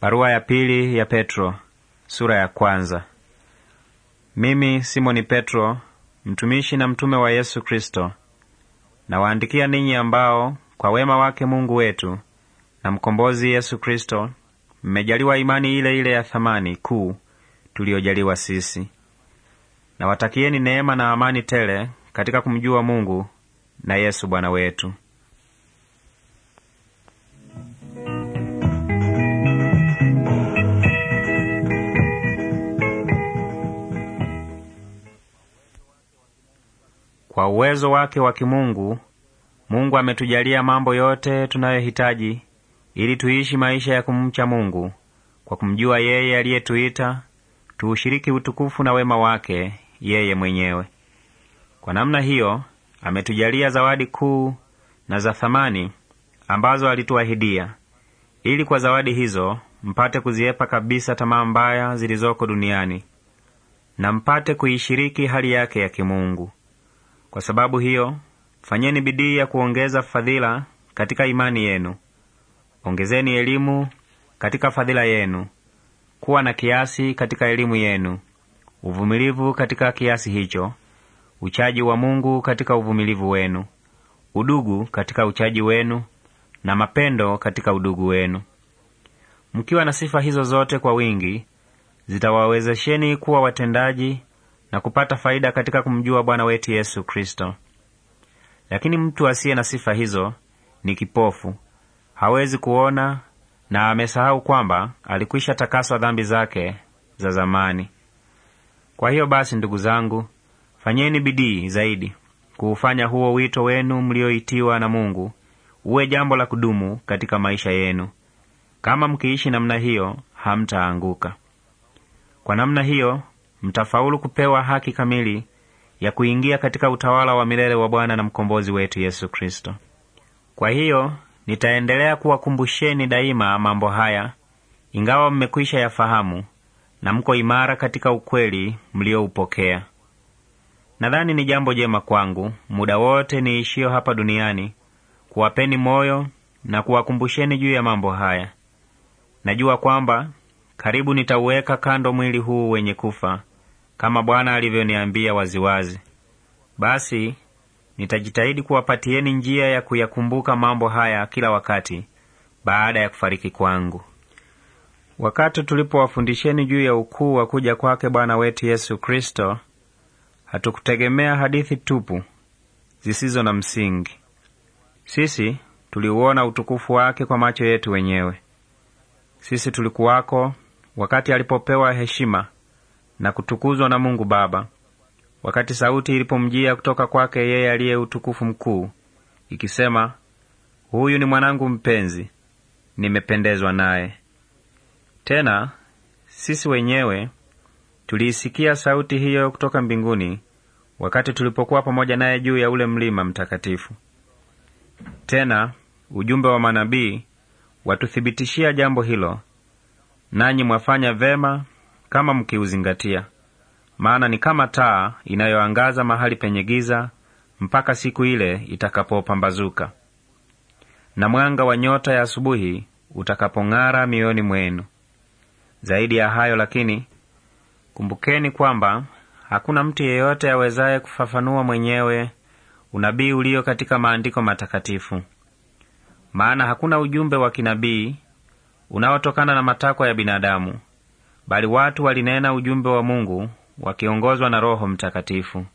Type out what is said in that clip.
Barua ya pili ya Petro sura ya kwanza. Mimi Simoni Petro, mtumishi na mtume wa Yesu Kristo, nawaandikia ninyi ambao kwa wema wake Mungu wetu na mkombozi Yesu Kristo mmejaliwa imani ile ile ya thamani kuu tuliyojaliwa sisi. Nawatakieni neema na amani tele katika kumjua Mungu na Yesu Bwana wetu. Kwa uwezo wake wa kimungu, Mungu ametujalia mambo yote tunayohitaji ili tuishi maisha ya kumcha Mungu kwa kumjua yeye aliyetuita tuushiriki utukufu na wema wake yeye mwenyewe. Kwa namna hiyo ametujalia zawadi kuu na za thamani ambazo alituahidia, ili kwa zawadi hizo mpate kuziepa kabisa tamaa mbaya zilizoko duniani na mpate kuishiriki hali yake ya kimungu. Kwa sababu hiyo, fanyeni bidii ya kuongeza fadhila katika imani yenu, ongezeni elimu katika fadhila yenu, kuwa na kiasi katika elimu yenu, uvumilivu katika kiasi hicho, uchaji wa Mungu katika uvumilivu wenu, udugu katika uchaji wenu, na mapendo katika udugu wenu. Mkiwa na sifa hizo zote kwa wingi, zitawawezesheni kuwa watendaji na kupata faida katika kumjua Bwana wetu Yesu Kristo. Lakini mtu asiye na sifa hizo ni kipofu, hawezi kuona na amesahau kwamba alikwisha takaswa dhambi zake za zamani. Kwa hiyo basi, ndugu zangu, fanyeni bidii zaidi kuufanya huo wito wenu mlioitiwa na Mungu uwe jambo la kudumu katika maisha yenu. Kama mkiishi namna hiyo, hamtaanguka. Kwa namna hiyo mtafaulu kupewa haki kamili ya kuingia katika utawala wa milele wa Bwana na mkombozi wetu Yesu Kristo. Kwa hiyo nitaendelea kuwakumbusheni daima mambo haya, ingawa mmekwisha yafahamu na mko imara katika ukweli mlioupokea. Nadhani ni jambo jema kwangu muda wote niishiyo hapa duniani kuwapeni moyo na kuwakumbusheni juu ya mambo haya. Najua kwamba karibu nitauweka kando mwili huu wenye kufa kama Bwana alivyoniambia waziwazi. Basi nitajitahidi kuwapatieni njia ya kuyakumbuka mambo haya kila wakati baada ya kufariki kwangu. Wakati tulipowafundisheni juu ya ukuu wa kuja kwake Bwana wetu Yesu Kristo, hatukutegemea hadithi tupu zisizo na msingi. Sisi tuliuona utukufu wake kwa macho yetu wenyewe. Sisi tulikuwako wakati alipopewa heshima na kutukuzwa na Mungu Baba, wakati sauti ilipomjia kutoka kwake yeye aliye utukufu mkuu, ikisema, huyu ni mwanangu mpenzi, nimependezwa naye. Tena sisi wenyewe tuliisikia sauti hiyo kutoka mbinguni wakati tulipokuwa pamoja naye juu ya ule mlima mtakatifu. Tena ujumbe wa manabii watuthibitishia jambo hilo, nanyi mwafanya vema kama mkiuzingatia, maana ni kama taa inayoangaza mahali penye giza mpaka siku ile itakapopambazuka na mwanga wa nyota ya asubuhi utakapong'ara mioyoni mwenu. Zaidi ya hayo lakini, kumbukeni kwamba hakuna mtu yeyote awezaye kufafanua mwenyewe unabii ulio katika maandiko matakatifu, maana hakuna ujumbe wa kinabii unaotokana na matakwa ya binadamu, bali watu walinena ujumbe wa Mungu wakiongozwa na Roho Mtakatifu.